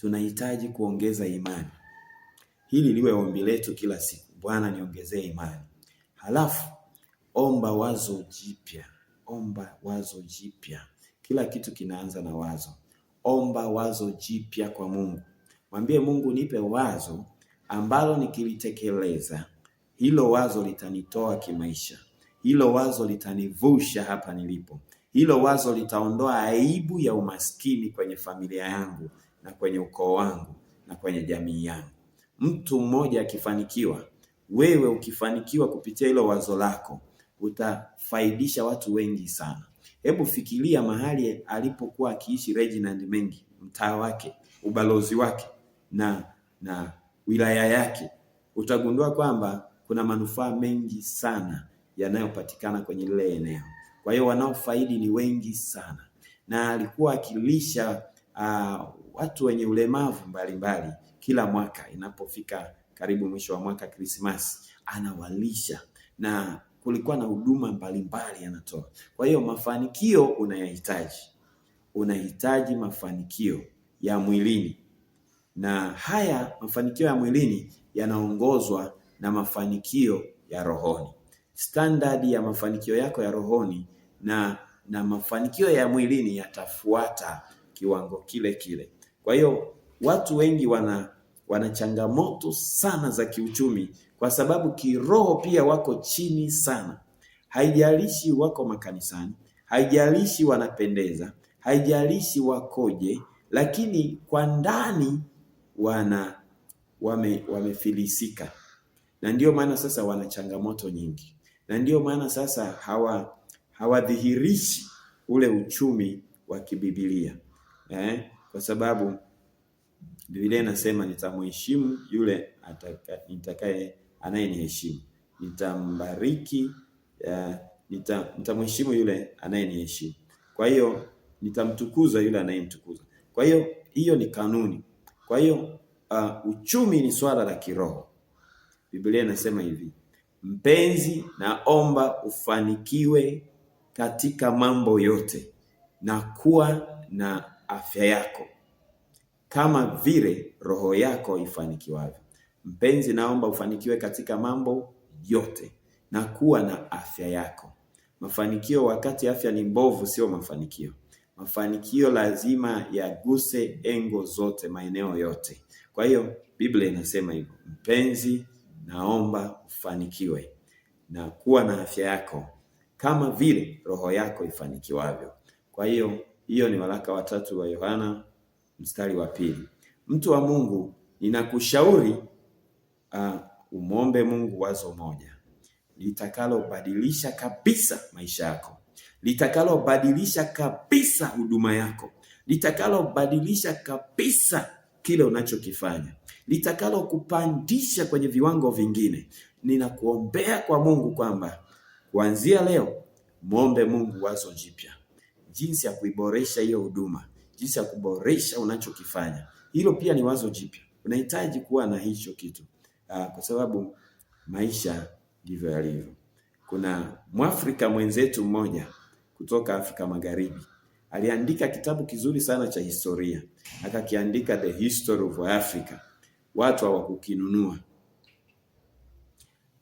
tunahitaji kuongeza imani. Hili liwe ombi letu kila siku, Bwana niongezee imani. Halafu omba wazo jipya, omba wazo jipya. Kila kitu kinaanza na wazo. Omba wazo jipya kwa Mungu, mwambie Mungu, nipe wazo ambalo nikilitekeleza hilo wazo litanitoa kimaisha, hilo wazo litanivusha hapa nilipo, hilo wazo litaondoa aibu ya umaskini kwenye familia yangu, na kwenye ukoo wangu na kwenye jamii yangu. Mtu mmoja akifanikiwa, wewe ukifanikiwa kupitia hilo wazo lako, utafaidisha watu wengi sana. Hebu fikiria mahali alipokuwa akiishi Reginald Mengi, mtaa wake, ubalozi wake na na wilaya yake, utagundua kwamba kuna manufaa mengi sana yanayopatikana kwenye lile eneo. Kwa hiyo wanaofaidi ni wengi sana, na alikuwa akilisha uh, watu wenye ulemavu mbalimbali mbali. Kila mwaka inapofika karibu mwisho wa mwaka Krismasi, anawalisha na kulikuwa na huduma mbalimbali anatoa. Kwa hiyo mafanikio unayahitaji, unahitaji mafanikio ya mwilini, na haya mafanikio ya mwilini yanaongozwa na mafanikio ya rohoni. Standard ya mafanikio yako ya rohoni na na mafanikio ya mwilini yatafuata kiwango kile kile. Kwa hiyo watu wengi wana wana changamoto sana za kiuchumi kwa sababu kiroho pia wako chini sana. Haijalishi wako makanisani, haijalishi wanapendeza, haijalishi wakoje, lakini kwa ndani wana wame, wamefilisika, na ndiyo maana sasa wana changamoto nyingi, na ndiyo maana sasa hawa hawadhihirishi ule uchumi wa kibibilia eh, kwa sababu Biblia inasema nitamheshimu yule nitakaye anayeniheshimu, nitambariki uh, nita, nitamheshimu yule anayeniheshimu. Kwa hiyo nitamtukuza yule anayemtukuza Kwa hiyo hiyo ni kanuni. Kwa hiyo uh, uchumi ni swala la kiroho. Biblia inasema hivi, mpenzi, naomba ufanikiwe katika mambo yote na kuwa na afya yako kama vile roho yako ifanikiwavyo. Mpenzi, naomba ufanikiwe katika mambo yote na kuwa na afya yako. Mafanikio wakati afya ni mbovu sio mafanikio. Mafanikio lazima yaguse engo zote, maeneo yote. Kwa hiyo Biblia inasema hivyo. Mpenzi, naomba ufanikiwe na kuwa na afya yako kama vile roho yako ifanikiwavyo. Kwa hiyo hiyo ni waraka wa tatu wa Yohana mstari wa pili. Mtu wa Mungu, ninakushauri uh, umwombe Mungu wazo moja litakalobadilisha kabisa maisha yako, litakalobadilisha kabisa huduma yako, litakalobadilisha kabisa kile unachokifanya, litakalokupandisha kwenye viwango vingine. Ninakuombea kwa Mungu kwamba kuanzia leo mwombe Mungu wazo jipya jinsi ya kuiboresha hiyo huduma, jinsi ya kuboresha unachokifanya. Hilo pia ni wazo jipya, unahitaji kuwa na hicho kitu aa, ah, kwa sababu maisha ndivyo yalivyo. Kuna Mwafrika mwenzetu mmoja kutoka Afrika Magharibi aliandika kitabu kizuri sana cha historia, akakiandika The History of Africa. Watu hawakukinunua,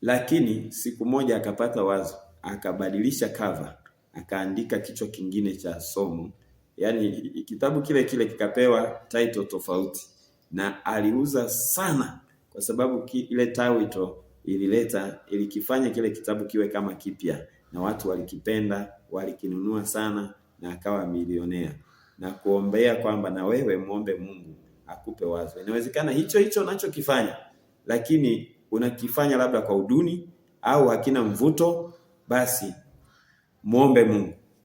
lakini siku moja akapata wazo, akabadilisha cover akaandika kichwa kingine cha somo, yani kitabu kile kile kikapewa title tofauti, na aliuza sana kwa sababu ki, ile title ilileta ilikifanya kile kitabu kiwe kama kipya, na watu walikipenda, walikinunua sana, na akawa milionea. Na kuombea kwamba na wewe muombe Mungu akupe wazo. Inawezekana hicho hicho unachokifanya, lakini unakifanya labda kwa uduni au hakina mvuto, basi Muombe Mungu.